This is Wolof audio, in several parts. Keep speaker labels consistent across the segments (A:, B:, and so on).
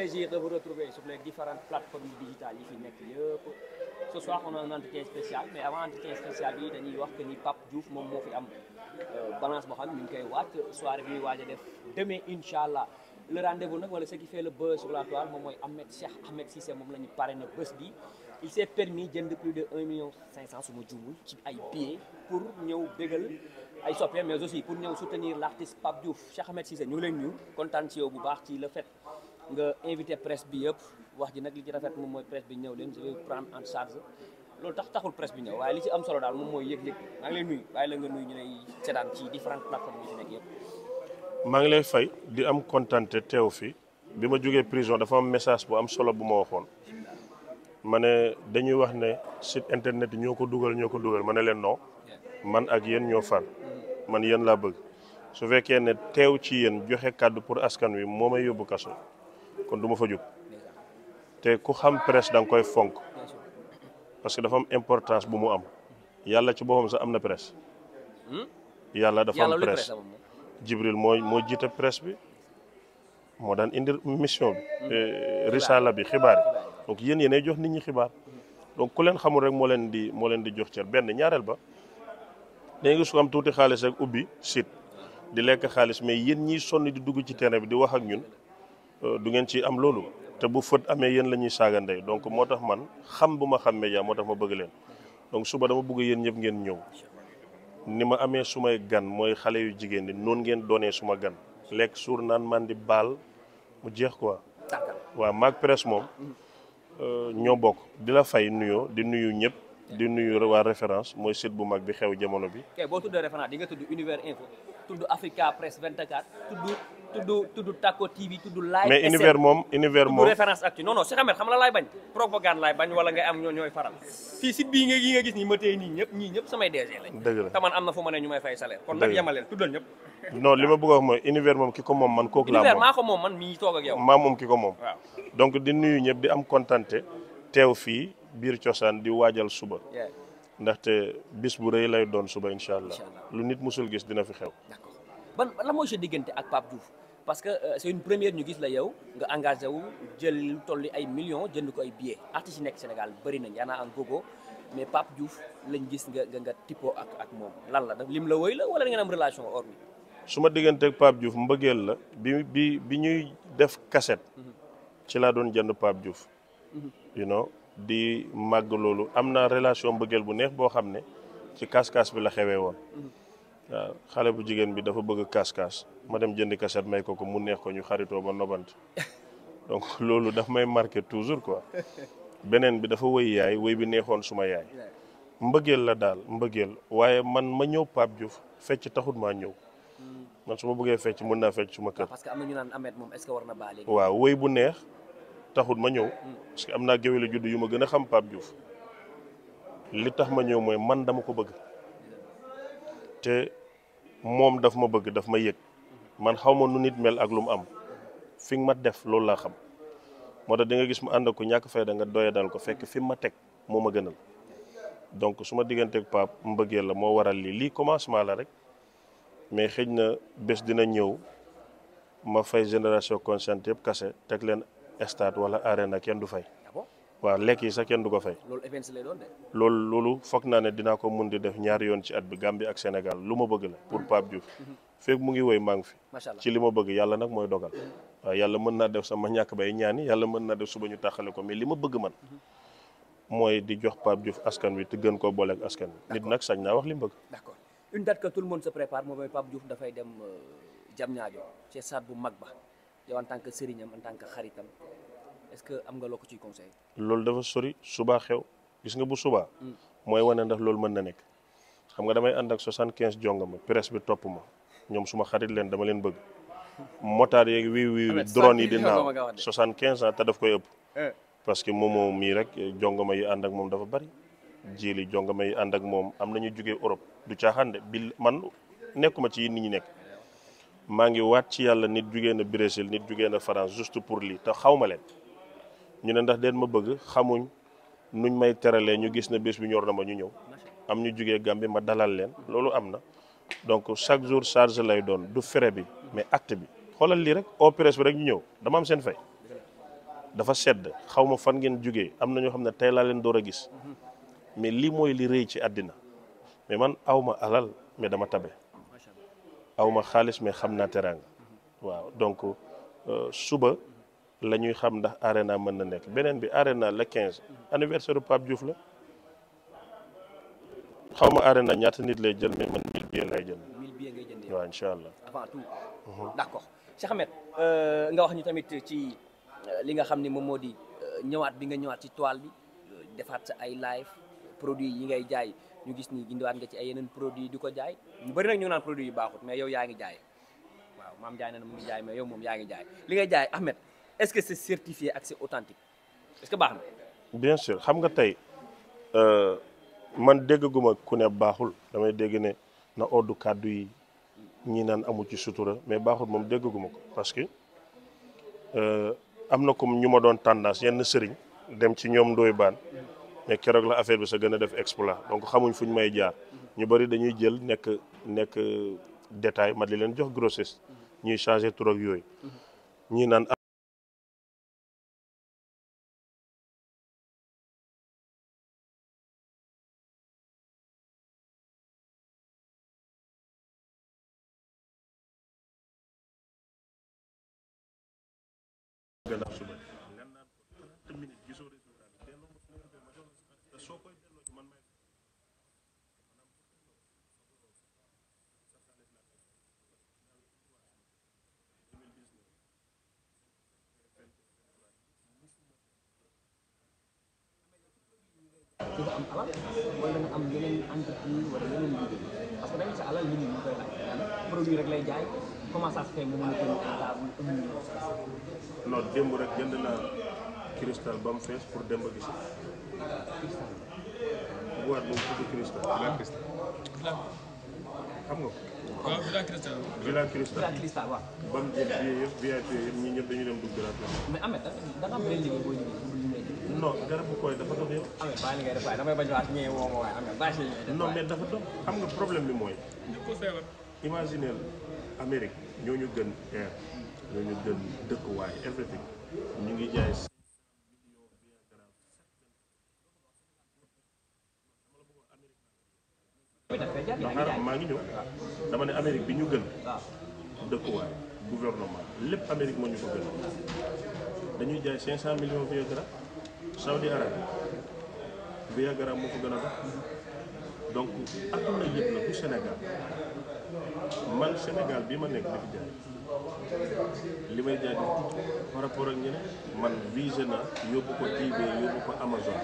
A: plaisir de vous retrouver sur différentes plateformes digitales yi fi nekk yëpp ce soir on a un entretien spécial mais avant entretien spécial bi dañuy wax que ni Pape Diouf moom moo fi am euh, balance boo xam ñu ngi koy waat soirée bi waaj a def demain incha allah le rendez-vous nag wala ce qui fait le buzz sur la toile moom mooy Ahmed Cheikh Ahmed Cissé moom la ñu parrainé bés bi il s'est permis jënd plus de 1 million su ma jumul ci ay billets pour ñëw bégal ay soppeem mais aussi pour ñëw bu baax ci le fait nga invité presse bi yëpp wax ji nag li ci rafet moom mooy presse bi ñëw leen je vais prendre en charge loolu tax taxul presse bi ñëw waaye li ci am solo daal moom mooy yëg-yëg maa ngi lay nga nuyu ñu lay
B: ngi lay fay di am kontante teew fi bi ma jógee prison dafa am message bu am solo bu ma waxoon ma ne dañuy wax ne site internet yi ñoo ko dugal ñoo ko dugal ma ne leen non man ak yéen ñoo far man yéen laa bëgg su fekkee ne teew ci yéen joxe kàddu pour askan wi moo may yóbbu kaso. kon du ma fa jóg te ku xam press da nga koy fonk parce que dafa am importance bu mu am yàlla ci boppam sax am na presse. yàlla dafa am presse Jibril mooy moo jiite presse bi moo daan indi mission bi. Hmm. Eh, risala bi xibaar yi donc yéen yéenay jox nit ñi xibaar donc ku leen xamul rek moo leen di moo leen di jox cër benn ñaareel ba da nga su am tuuti xaalis rek ubbi site di lekk xaalis mais yéen ñiy sonn di dugg ci terrain bi di wax ak ñun. Euh, du ngeen ci am loolu te bu fët amee yéen la ñuy saaga ndey donc moo tax man xam bu ma xam média moo tax ma bëgg leen donc suba dama bëgg yéen ñëpp ngeen ñëw ni ma amee sumay gan mooy xale yu jigéen ñi noonu ngeen doonee suma gan lekk suur naan man di baal mu jeex quoi waaw maag presse moom euh, ñoo bokk di la fay nuyoo di nuyu ñëpp di nuyu waa référence mooy site bu mag bi xew jamono bi.
A: di nga tudd Univers Info. tudd Africa Press 24 tudd tudd tudd Tako TV tudd live mais univers moom
B: univers moom référence
A: actu non non si xamet xam la laay bañ propagande laay bañ wala ngay am ñoo ñooy faral fii site bii nga yi nga gis nii ma tey nii ñëpp ñii ñëpp samay DG lañ dëgg la te man am na fu ma ne ñu may fay salaire kon nag yemaleen tuddal ñëpp
B: non li ma bëgg a wax mooy univers moom ki ko moom man kooku laa moom univers maa
A: ko moom man mii toog ak yow maa moom ki ko moom waaw
B: donc di nuyu ñëpp di am kontante ndaxte bis bu rëy lay doon suba incha allah lu nit musul gis dina fi xew. d'accord
A: ban la mooy sa diggante ak Pape Diouf parce que euh, c'est une première ñu gis la yow nga engagé wu jël lu toll ay millions jënd ko ay billets artistes nekk Sénégal bëri nañ yaa naa am gogo mais Pape Diouf lañ gis nga nga tippoo ak ak moom lan la lim la woy la wala ngeen am relation or bi.
B: su ma diggante ak Pape Diouf mbëggeel la bi bi bi ñuy def cassette. Mhm. ci laa doon jënd Pape Diouf. Mhm. you di màgg loolu am na relation mbëggeel bu neex boo xam ne ci kaas-kaas bi la xewee woon waaw xale bu jigéen bi dafa bëgg kaas-kaas ma dem jënd kaset may ko ko mu neex ko ñu xaritoo ba nobant donc loolu daf may marqué toujours quoi beneen bi dafa wëy yaay wëy bi neexoon suma yaay mbëggeel la daal mbëggeel waaye man ma ñëw Pape Diouf fecc taxut maa ñëw man su ma bëggee fecc mën naa fecc suma kër.
A: ñu naan Ameth waaw
B: wëy bu neex. taxul ma ñëw parce am naa géwél juddu yu ma gën a xam Pape Diouf li tax ma ñëw mooy man dama ko bëgg te moom daf ma bëgg daf ma yëg man xaw ma nu nit mel ak lu mu am fi nga ma def loolu laa xam moo tax di nga gis mu ànd ak ko ñàkk fay da nga doya daal ko fekk fi ma teg moo ma gënal donc su ma digganteeg Pape mbëggeel la moo waral lii lii commencement la rek mais xëj na bés dina ñëw ma fay génération consciente yëpp kase teg leen stade wala arena kenn du fay. Ah waaw lekk yi sax kenn du ko fay. loolu events lay doon de. loolu loolu foog naa ne dina ko mun di def ñaari yoon ci at bi Gambie ak Sénégal lu ma bëgg la pour Pape Diouf. Mhm. fekk mu ngi woy maa ngi fi. ci li ma bëgg yàlla nag mooy dogal. waaw yàlla mën naa def sama ñàkk bay ñaani yàlla mën naa def suba ñu tàqale ko mais li ma bëgg man. Mhm. mooy di jox Pape Diouf askan wi te gën koo booleeg askan wi. nit nag sañ naa wax li mu bëgg. d'accord
A: une date que tout le monde se prépare moom mooy Pape Diouf dafay dem euh, Diamniadio ci bu mag ba. yow tant que sëriñam en tant que xaritam est-ce que am nga loo ko ciy conseil
B: loolu dafa sori subaa xew gis nga bu subaa. Mm. mooy wane ndax loolu mën na nekk. xam nga damay ànd ak soixante quinze jonga ma presse bi topp ma ñoom suma xarit leen dama leen bëgg. motaar yeeg wii wii drone yi di naaw soixante quinze ans te daf koy ëpp. Eh. parce que moom moom mii rek jongama yi ànd ak moom dafa bari jéeli jongama yi ànd ak moom am na ñu jugee Europe du caaxaan de bi man nekkuma ci nit ñi nekk. maa ngi waat ci yàlla nit jugee na Brésil nit jugee na France juste pour lii te xawma ma leen ñu ne ndax den ma bëgg xamuñ nuñ may teralee ñu gis na bés bi ñor na ma ñu ñëw am ñu jugee Gambie ma dalal leen loolu am na donc chaque jour charge lay doon du fere bi mais acte bi xoolal lii rek opérés bi rek ñu ñëw dama am seen fay dafa sedd xaw ma fan ngeen jugee am na ñoo xam ne tey laa leen door a gis mais lii mooy li rëy ci àddina mais man awma alal mais dama tabe awma xaalis mais xam naa teraanga waaw donc euh, suba la ñuy xam ndax arena mën na nekk beneen bi arena la 15 anniversaire Pape Diouf la xaw ma arena ñaata nit lay jël mais man 1000 lay jël. 1000 billets ngay jëndee waaw incha allah. avant tout. Mhm. d'
A: euh, nga wax ñu tamit ci euh, li nga xam ni moom moo di ñëwaat bi nga ñëwaat ci toile bi defaat sa ay live produits yi ngay jaay. ñu gis ni indiwaat nga ci ay yeneen produit di ko jaay ñu bëri nag ñu ngi naan produit yu baaxut mais yow yaa ngi jaay waaw maam jaay na ne mu jaay mais yow moom yaa ngi jaay li ngay jaay Ahmed est-ce que c'est ak c'est authentique est-ce que baax
B: xam nga tey euh, man déggaguma ku ne baaxul damay dégg ne na oddu kàddu yi ñi naan amu ci sutura mais baaxul moom déggaguma ko parce que euh, am na comme ñu ma doon tendance yenn sëriñ dem ci ñoom Ndoye Bane. mais keroog la affaire bi sa gën a def exploit donc xamuñ fu ñu may jaar ñu bëri dañuy jël nekk nekk détail ma di leen jox grossiste ñuy changer tur yooyu ñii naan
A: di nga am alal wala nga am yeneen entreprise wala yeneen liggéey parce que dañu sa alal nit ñi ñu koy laaj produit rek lay jaay comment ça se fait nga mën a jënd daa bu
B: am non démb rek jënd naa cristal ba mu fees pour démb gis cristal boîte boobu tudd cristal ah. xam nga waaw ah, Villa Cristal. Villa Cristal Villa Cristal waaw. ba mu jël billet yëpp VIP yëpp ñun ñëpp dañu dem dugg Villa Cristal. mais
A: Ameth da nga am benn liggéey boo liggéey.
B: non garabu koy dafa dox yow. Ah, am na bàyyi li ngay am na bàyyi si ñëwee def non mais dafa dox xam nga problème bi mooy. imagineel ñoo ñu gën air ñoo ñu gën dëkkuwaay everything ñu ngi jaay. non maa ngi ñëw dama ne Amérique bi ñu gën. dëkkuwaay gouvernement lépp Amérique moo ñu ko gën dañuy jaay 500 millions Saudi Arabie Viagra moo ko gën a dox donc adduna yëpp la du Sénégal man Sénégal bi ma nekk di fi jaay li may jaay di par rapport ak ñeneen man visé na yóbbu ko eBay yóbbu ko Amazon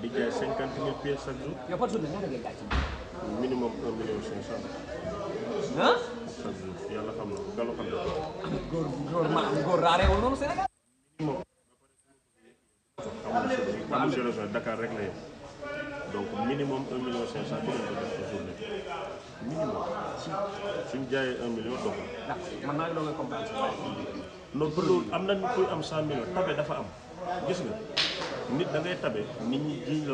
B: di jaay cinquante mille pièces chaque jour. yow minimum un million cinq yàlla xam na galo xam na.
A: góor góor
B: amul génération rek la donc minimum 1 million 500 ku leen ko suñ jaayee 1 million man am na kuy am 100 dafa am gis nga nit da ngay tabe ñi jiñ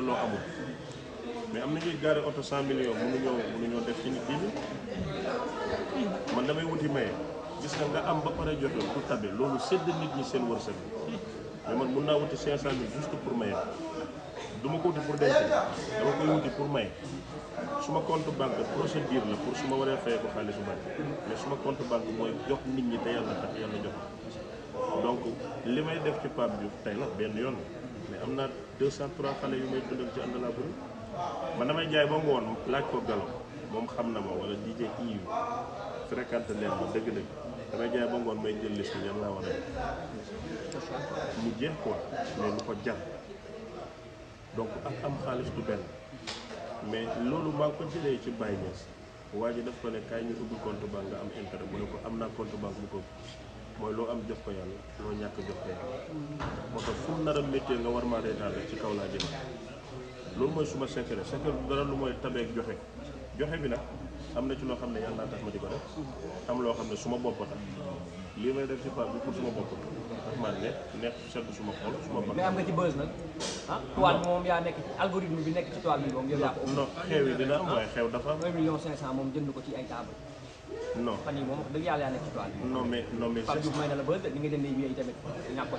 B: mais am na ñuy gaare oto 100 million mënuñoo def ci man damay wuti maye gis nga nga am ba pare jotoo ku tabe loolu sédd nit ñi seen wërsëg. mais man mun naa wuti 500000 juste pour maye du ma ko wuti pour denc dama koy wuti pour maye suma compte banque procédure la pour su ma waree fayee ko xaalis bu bari mais suma compte banque mooy jox nit ñi te yàlla tax yàlla jox donc li may def ci Pape Diouf tey la benn yoon mais am naa 203 xale yu may dundal ci ànd laa bëri man damay jaay ba mu woon laaj ko galo moom xam na ma wala DJ Yves fréquente leen ma dëgg-dëgg. damay jaay ba ngoon bay jël liste bi ñan laa war a mu jeex quoi mais lu ko jar donc ak am xaalis du benn mais loolu maa ko jëlee ci Baye Niass waa ji daf ko ne kaay ñu ugg compte banque nga am intérêt mu ne ko am naa conte banque bu ko mooy loo am jox ko yàlla loo ñàkk jox ko yàlla fu mu nar a métier nga war maa ci kaw laa loolu mooy suma secret secret du dara lu mooy tabeeg joxe joxe bi nag am na ci loo xam ne yàlla tax ma di ko def am loo xam ne su ma bopp tax lii may def ci part bi pour su ma bopp tax man ne nekk sedd su ma xol su ma bopp nekk
A: ci algorithme bi bi moom yow yaa ko dafa am 1 million 500 moom ko ci ay table non fan yii moom wax dëgg yàlla yaa nekk ci la buzz nga jëndee wiyee tamit
B: ñàkk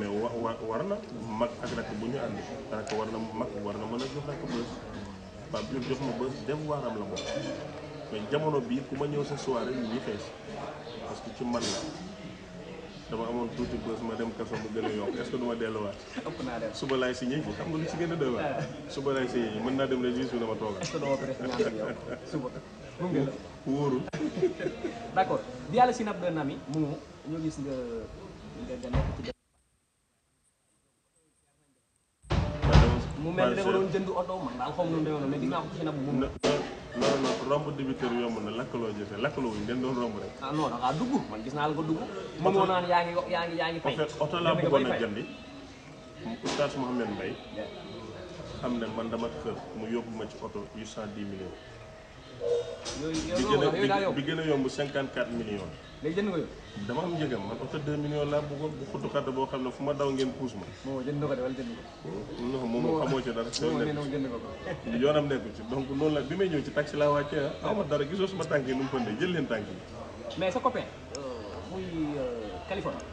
B: mais wa war na mag ak rakk bu ñu ànd rakk war na mag war na mën a jox rakk buzz Pape Diop jox ma bës devoir am la moom mais jamono bii ku ma ñëw sa soirée ñu ngi fees parce que ci man la dama amoon tuuti bës ma dem kaso mu gën a yokk est ce ma delluwaat. ëpp naa dem suba laay signé ji xam nga lu ci gën a doy waar. suba laay signé ji mën naa dem le juge bi dama toogal. est ce que doo préféré yow suba wóorul. d' accord yàlla si nab
A: de Nami. mu ñoo gis nga nga nekk ci.
B: mu mel ne da nga doon jënd oto man daal xaw ma nu mu demee noonu mais gis naa ko ci na bu mu. non non romb débiteur yomb na lakkaloo jëfe lakkaloo wuñ den doon romb rek.
A: ah non da ngaa dugg man gis naa la nga dugg. mënoo naan yaa ngi yaa ngi yaa ngi fay. en fait oto laa bëggoon a jëndi.
B: oustaz Mouhamed Mbaye xam ne man dama xër mu yóbbu ma ci oto huit cent dix millions. yooyu yooyu bi gën a yomb cinquante quatre millions. léegi jënd dama am njëgam man oto 2 millions laa bëggoon bu xottu boo xam ne fu ma daw ngeen puus ma. moo jënd ko de wala jënd ko. non moom xamoo ci dara. moom nee na jënd ko ko. yoonam la bi ah, leen tànk yi. mais sa copain.
A: Euh, muy euh,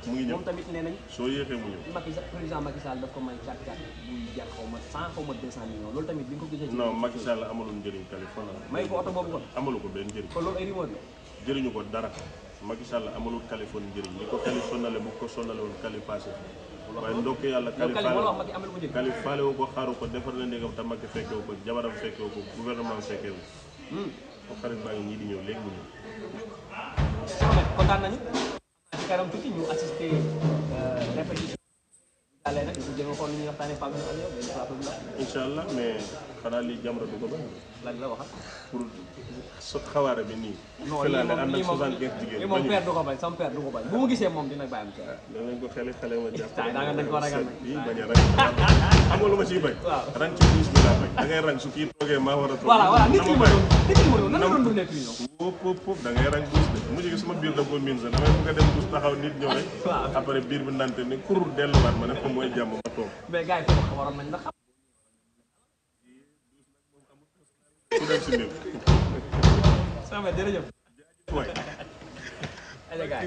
A: ngi ñëw moom tamit nee nañ.
B: soo yéexee mu ñëw. Macky
A: Sall président Macky Sall daf ko may càkk càkk buy ma cent xaw ma deux cent millions loolu tamit bi nga ko gisee. non Macky Sall
B: amalu njëriñ Californie. may ko oto boobu kon. amalu ko benn njëriñ. kon loolu ay rumeur la. jëriñu ko dara Macky Sall amalul Kaliphone njëriñ li ko Kaliphone sonale bu ko sonale woon waaye ndokk yàlla Kali Kali faale wu ko xaaru ko defar na ndégam te Macky fekkewu ko jabaram fekkewu ko fekkewu ko hmm. xarit baa ngi di ñëw léegi mu ñëw lan la wax pour su xawaara bi nii. non lii moom lii moom lii moom père du ko bañ
A: sama gisee moom dina bàyyi am. danañ ko xale xale ma jàpp. saa yi daa ko ragal
B: xam nga lu ma ciy bañ. waaw rang ci douche bi laa bañ da ngay rang a toog. voilà ma nit ki la doon dundee prison. foofu foofu foofu da ngay rang douche bi ko miin rek. waaw biir bi nante ni kur delluwaat ma ne ko mooy jàmm ma
A: toog. ku dem si néew. sama jërëjëf.